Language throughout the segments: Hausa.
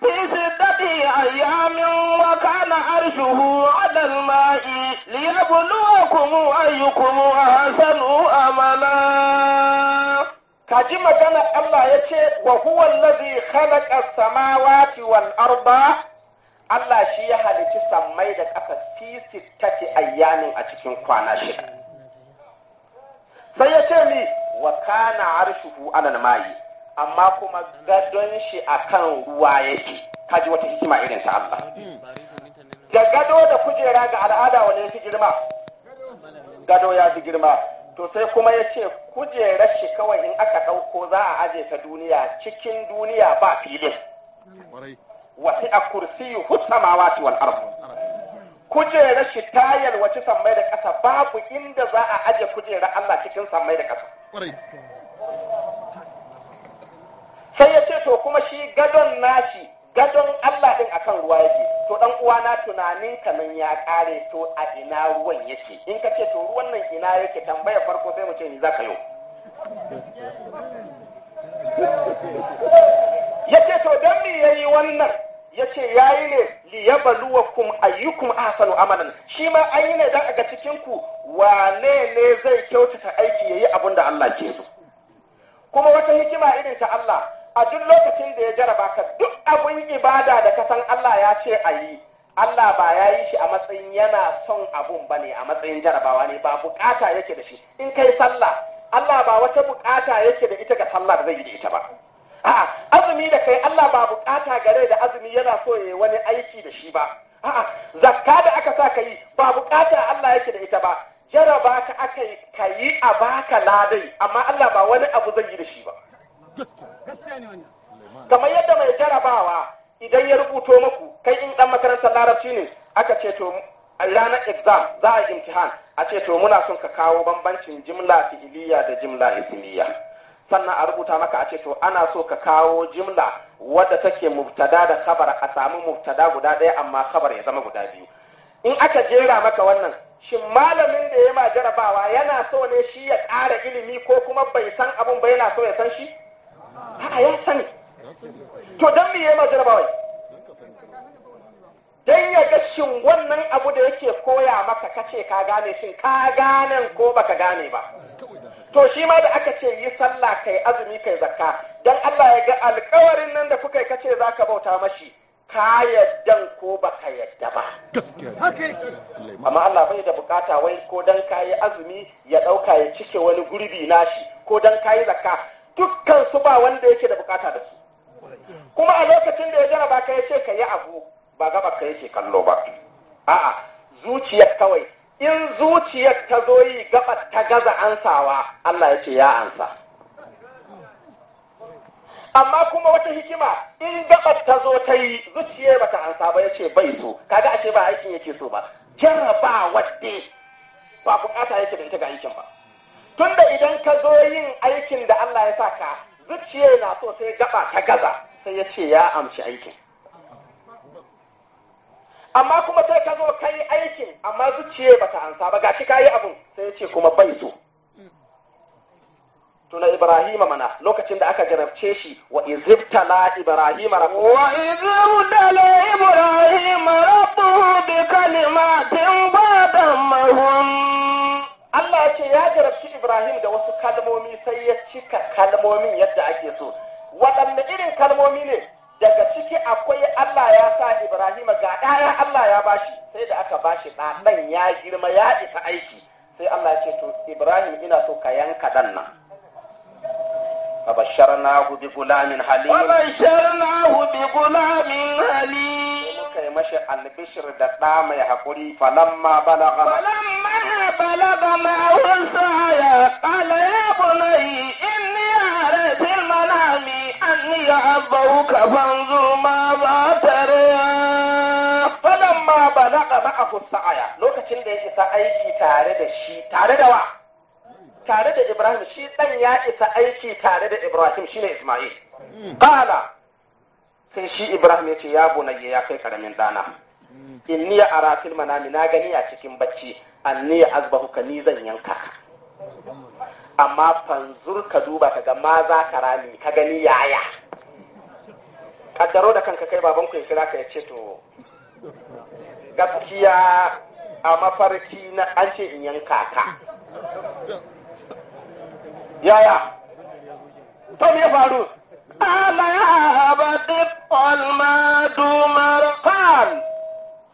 في ستة أيام وكان عرشه على الماء ليبلوكم أيكم أحسن أملا kaji magana Allah ya ce wa huwa allazi khalaqa Allah shi ya halici sammai da ƙasa fi sittati ayyamin a cikin kwana shida sai ya ce ni wa kana arshuhu anan mayi, amma kuma gadon shi a kan ruwa yake kaji wata hikima irin ta Allah da gado da kujera ga al'ada wani fi girma gado ya fi girma to sai kuma ya ce kujerar shi kawai in aka ɗauko za a aje ta duniya cikin duniya ba filin wasi a kursiyu hussamawati wal ardu kujerar shi ta wace sammai da ƙasa babu inda za a aje kujera Allah cikin sammai da ƙasa sai ya ce to kuma shi gadon nashi gadon Allah ɗin akan ruwa yake to dan uwana tunanin ka nan ya ƙare to a ina ruwan yake in ka ce to ruwan nan ina yake tambaya farko sai mu ce ni zaka Ya ce to dan me yayi wannan Ya ce ya yi ne kum ayyukum ahsanu amalan shi ma an yi ne dan ga cikin ku wane ne zai kyautata aiki yayi abin da Allah ke so kuma wata hikima irin ta Allah a duk lokacin da ya jaraba ka duk abin ibada da ka san Allah ya ce a yi Allah ba ya yi shi a matsayin yana son abun ba ne a matsayin jarabawa ne ba bukata yake da shi in kai sallah Allah ba wata bukata yake da ita ga sallah da zai yi da ita ba a'a azumi da kai Allah ba bukata gare da azumi yana so ya yi wani aiki da shi ba a'a zakka da aka sa ka yi ba bukata Allah yake da ita ba jaraba ka aka yi ka yi a baka ladai amma Allah ba wani abu zai yi da shi ba kamar yadda mai jarabawa idan ya rubuto muku kai in dan makarantar larabci ne aka ce to ranar exam za a imtihan a ce to muna son ka kawo bambancin jimla fi'iliya da jimla ismiya sannan a rubuta maka a ce to ana so ka kawo jimla wadda take mubtada da khabar a samu mubtada guda ɗaya amma khabar ya zama guda biyu in aka jera maka wannan shin malamin da ya ma jarabawa yana so ne shi ya ƙara ilimi ko kuma bai san abun ba yana so ya san shi a ya sani to don me yi ma jarabawai don ya ga shin wannan abu da yake koya maka kace ka gane shin ka gane ko baka gane ba to shi ma da aka ce yi sallah kai azumi kai zakka don Allah ya ga alkawarin nan da kuka yi kace zaka bauta mashi ka yadda ko baka yadda ba amma Allah bai da bukata wai ko dan kayi azumi ya dauka ya cike wani gurbi nashi ko dan kayi zakka dukkan su ba wanda yake da bukata da su kuma a lokacin da ya jaraba ka ya ce ka yi abu ba gaba ka yake kallo ba a'a zuciyar kawai in zuciyar ta zo yi gaba ta gaza ansawa Allah ya ce ya ansa amma kuma wata hikima in gabar ta zo ta yi zuciyar bata ansa ba ya ce bai so kaga ashe ba aikin yake so ba jarraba dai ba bukata yake da ita ga aikin ba tunda idan ka zo yin aikin da Allah ya saka zuciya na so sai gaba ta gaza sai ya ce ya amshi aikin amma kuma sai ka zo ka yi aikin amma zuciya bata ansa ba gashi ka yi abun sai ya ce kuma bai so tuna Ibrahima mana lokacin da aka jarabce shi wa izibtala Ibrahima rabbuhu wa izibtala Ibrahima rabbuhu bi kalimatin mahimmanci. Allah ya ce ya jarabci Ibrahim da wasu kalmomi sai ya cika kalmomin yadda ake so waɗanne irin kalmomi ne daga ciki akwai Allah ya sa Ibrahim ga ɗaya Allah ya bashi sai da aka bashi ɗaɗan ya girma ya isa aiki sai Allah ya ce to Ibrahim ina so ka yanka ɗan nan Gulamin فبشرناه بغلام حليم bi Gulamin. bashi albishir da ɗa mai haƙuri falamma balaga falamma balaga ma hunsa ya qala ya bunayya inni ara fil manami anni abawka fanzur ma za tara falamma balaga ma lokacin da ya isa aiki tare da shi tare da wa tare da Ibrahim shi dan ya isa aiki tare da Ibrahim shine Isma'il qala hmm. sai shi ibrahim ya ce ya bunayya ya kai karamin dana in ya a manami na gani a cikin bacci an ya azbahu ka ni zan yanka amma fanzur ka duba ka ga ma za ka rami ka gani yaya kaddaro da kanka kai babanku ya kira ka ya ce to gaskiya a mafarki na an ce in yanka ka yaya to me ya faru قال يا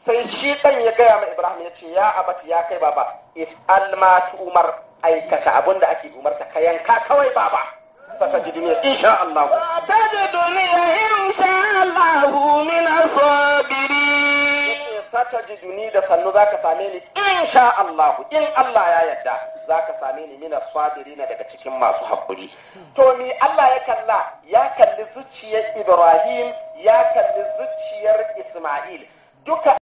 sai shi ɗan ya gaya ma Ibrahim ya ce ya abati ya kai baba if alma umar aikata abin da ake umarta ka yanka kawai baba sata ji duniya insha Allah ta ji duniya insha Allah min aswa duni da sannu za ka same ni in sha allahu in Allah ya yarda ka same ni mina na daga cikin masu hakuri to ni Allah ya kalla ya kalli zuciyar Ibrahim ya kalli zuciyar Isma'il duka